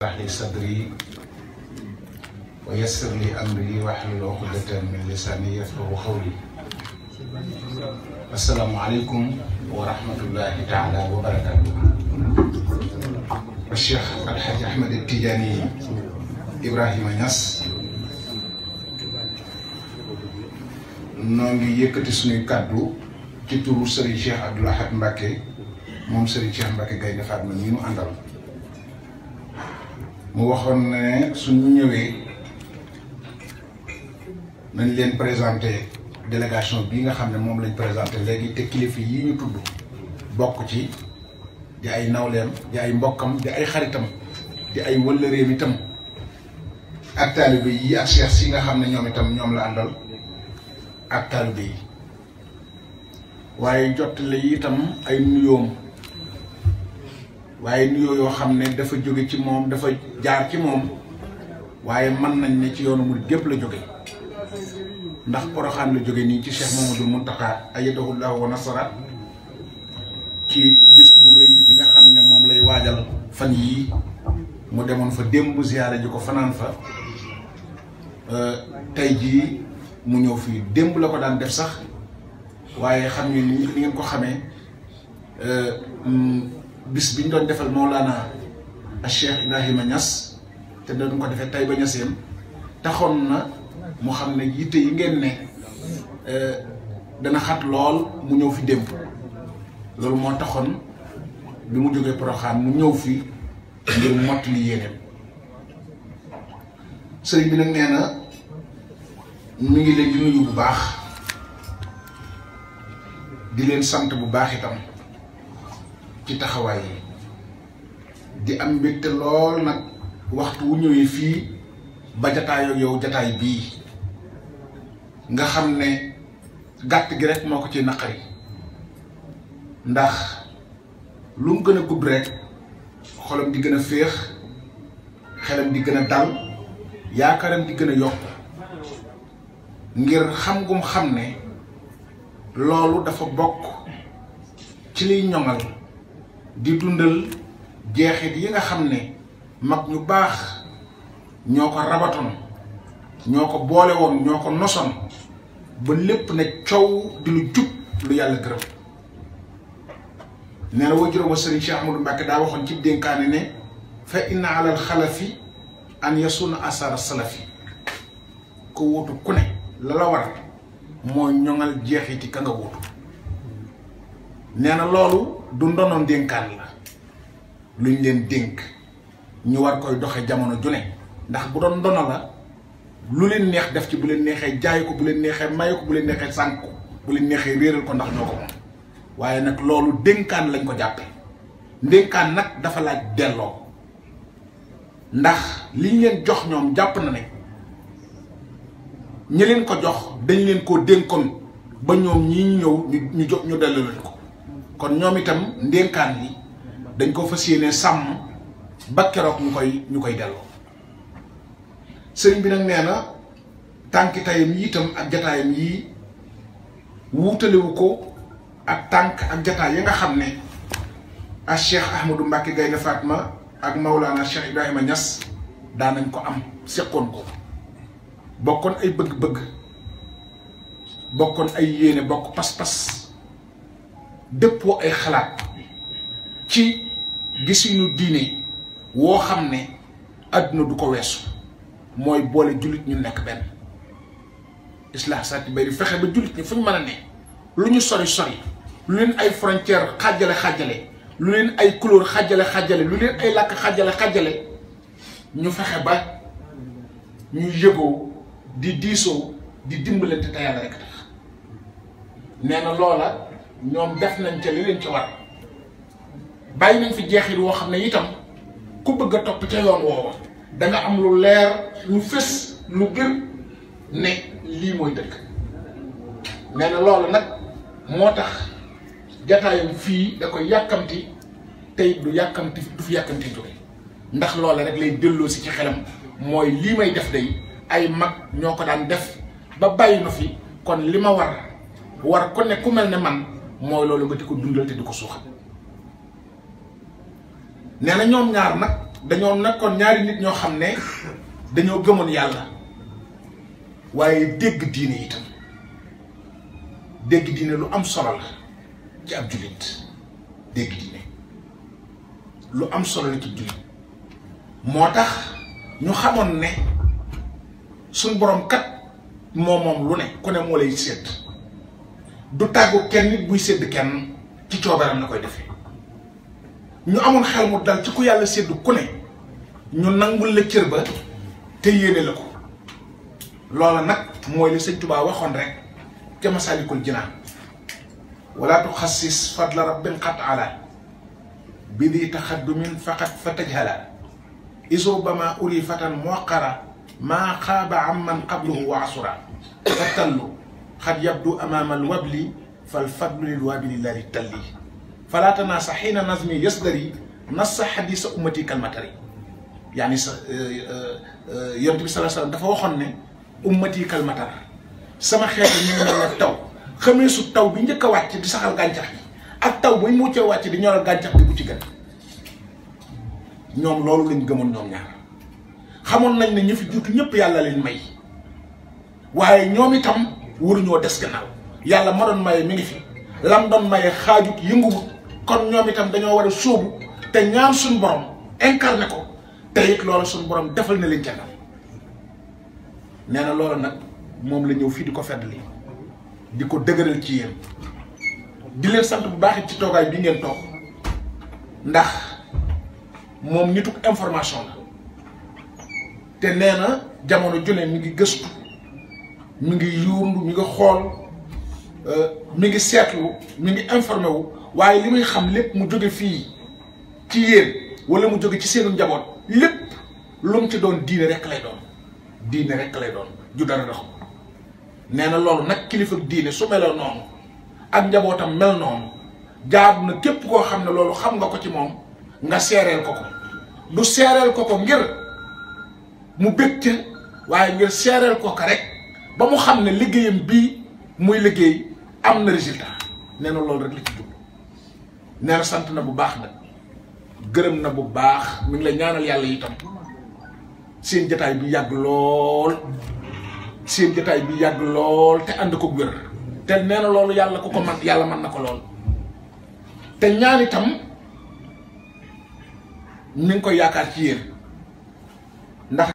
rahli sadri wa li amri wa hlul 'uqdatan min lisani yafqahu qawli ta'ala wabarakatuh. barakatuh syekh al-hajj ahmad al-tijani ibrahim anas nangi yekati sunu kaddu ci turu serigne cheikh abdullah hat mbake mom serigne cheikh mbake gayna fatma ñu andal mu waxoon ne suñu ñëwee nañ leen présenté délégation bii nga xam ne moom lañ présenté léegi te kilifa yi ñu tudd bokk ci di ay nawleem di ay mbokkam di ay xaritam di ay wëllëreem itam ak taalibe yi ak seex si nga xam ne ñoom itam ñoom la àndal ak taalibe yi waaye jottali itam ay nuyoom waaye nuyoo yoo xam ne dafa jóge ci moom dafa jaar ci moom waaye mën nañ ne ci yoonu murid gépp la jóge ndax poroxaan la jóge nii ci Cheikh Mamadou Mountakha ayyadahu Allahu wa nasara ci bis bu rëy bi nga xam ne moom lay waajal fan yii mu demoon fa démb ziyaare ji ko fanaan fa euh, tey jii mu ñëw fii démb la ko daan def sax waaye xam ne ni ngeen ko xamee euh, bis biñ doon defal Maulana Cheikh Ibrahim Niass té doon ko tay ba Niassène taxon na mu xamné ne yi ngeen euh dana xat lool mu ñew fi démb lool mo taxon bi mu joggé Porokhane mu ñew fi ngir mot li yéeneem sëriñ bi nak néna mi ngi lay di nuyu bu baax di leen sante bu baax itam ci taxawaay yi di am mbégte lool nag waxtu wu ñëwee fii ba jataayoo yow jataay bii nga xam ne gàtt gi rek moo ko ci naqari ndax lu mu gën a gudd rek xolam di gën a féex xelam di gën a dal yaakaaram di gën a yokk ngir xam gum xam ne loolu dafa bokk ci liy ñoŋal di dundal jeexit yi nga xam ne mag ñu baax ñoo ko rabatoon ñoo ko boole woon ñoo ko nosoon ba lépp ne coow di lu jub lu yàlla gërëm nee na waajuram wa sëriñ Cheikh Ahmadou Mbacke daa waxoon ci dénkaane ne fa inna alal xalafi an yasuna asara salafi ko wóotu ku ne la la war mooy ñoŋal jeexiti ka nga wóotu nee na loolu du ndonoom dénkaan la luñ leen dénk ñu war koy doxe jamono ju ne ndax bu doon ndono la lu leen neex def ci bu leen neexee jaay ko bu leen neexee may ko bu leen neexee sànk ko bu leen neexee réeral ko ndax ñoo ko moom waaye nag loolu dénkaan lañ ko jàppe ndénkaan nag dafa laaj delloo ndax liñ leen jox ñoom jàpp na ne ñi leen ko jox dañu leen ko dénkoon ba ñoom ñii ñëw ñu ñu ñu delloo leen ko kon ñoom itam ndénkaan yi dañ koo fas yéene sàmm ba keroog ñu koy ñu koy delloo sëriñ bi nag nee na tànki tayam yi itam ak jataayam yi wuutalewu ko ak tànk ak jataay yi nga xam ne ak Cheikh Ahmadou Mbacke Gaynde Fatma ak Maulana Cheikh Ibrahima Niass daanañ ko am seqoon ko bokkoon ay bëgg-bëgg bokkoon ay yéene bokk pas-pas dëppoo ay xalaat ci gisuñu diine woo xam ne àdduna du ko weesu mooy boole jullit ñu nekk benn islah sati bari fexe ba jullit ñi fu ñu mën a ne lu ñu sori sori lu leen ay frontière xajale xajale lu leen ay couleur xaajale xaajale lu leen ay làkk xaajale ñu fexe ba ñu yëgoo di diisoo di dimbalante te yàlla rek tax nee na loola ñoom def nañ ca li leen ci war bàyyi nañ fi jeexit woo xam ne itam ku bëgg a topp ca yoon woowa da nga am lu leer lu fës lu gër ne lii mooy dëkk nee na loolu nag moo tax jataayam fii da koy yàkkamti tey du yàkkamti du fi yàkkamti jóge ndax loola rek lay delloo si ci xelam mooy lii may def day ay mag ñoo ko daan def ba bàyyi na fi kon li ma war war ku ne ku mel ne man mooy loolu nga di ko dundal te di ko suuxat nee na ñoom ñaar nag dañoo nekkoon ñaari nit ñoo xam ne dañoo gëmoon yàlla waaye dégg diine itam dégg diine lu am solo ci ab jullit dégg diine lu am solo la ci jullit moo tax ñu xamoon ne suñ boroom kat moom moom lu ne ku ne moo lay seet du tàggu kenn nit buy sédd kenn ci coobaram na koy defee ñu amoon xel mu dal ci ku yàlla sédd ku ne ñu nangul la cër ba te yéene la ko loola nag mooy li sëñ Tuubaa waxoon rek ca Masaalikul Jinaan wala tuxassis fadla rabbin qat ala bi di taxaddumin faqat fa tajhala iso bama maa xaaba amman qabluhu wa asura fa tallu قد يبدو أمام الوبل فالفضل للوابل لا للتلي فلا تناس حين نظمي يصدري نص حديث أمتي كالمطري يعني يرتبي صلى الله عليه وسلم دفعوا خنة أمتي كالمطر سما خير من التو خميس التو بينك واتي بسخال غانجح التو taw buy muccee wàcc di ñoral gàncax bi bu ci gën ñoom loolu lañ gëmoon ñoom ñaar xamoon nañ ne ñu fi juutu ñëpp yàlla leen may waaye ñoom itam waruñoo des gannaaw yàlla ma doon maye mi ngi fi lam doon maye xaajut yënguwut kon ñoom itam dañoo war a sóobu te ñaan suñu borom incarné ko te it loolu suñu borom defal na leen ca nee na loolu nag moom la ñëw fii di ko feddali di ko dëgëral ci yéen di leen sant bu baax ci toogaay bi ngeen toog ndax moom nituk information la te nee na jamono ju ne mi ngi gëstu. mi ngi yuundu mi ngi xool euh, mi ngi seetlu mi ngi informé wu waaye li muy xam lépp mu jóge fii ci yéen wala mu jóge ci seenu njaboot lépp lu mu ci doon diine rek lay doon diine rek lay doon ju dara dox nee na loolu nag kilifa diine su meloo noonu ak njabootam mel noonu jaadu na képp koo xam ne loolu xam nga ko ci moom nga seereel ko ko du seereel ko ko ngir mu bégte waaye ngir seereel ko ko rek ba mu xam ne liggéeyam bii muy liggéey am na résultat nee na loolu rek la ci jublu nee sant na bu baax nag gërëm na bu baax mu ngi la ñaanal yàlla itam seen jataay bi yàgg lool seen jataay bi yàgg lool te ànd ko wér te nee na loolu yàlla ku ko man yàlla mën na ko lool te ñaan itam mi ngi koy yaakaar ci yéen ndax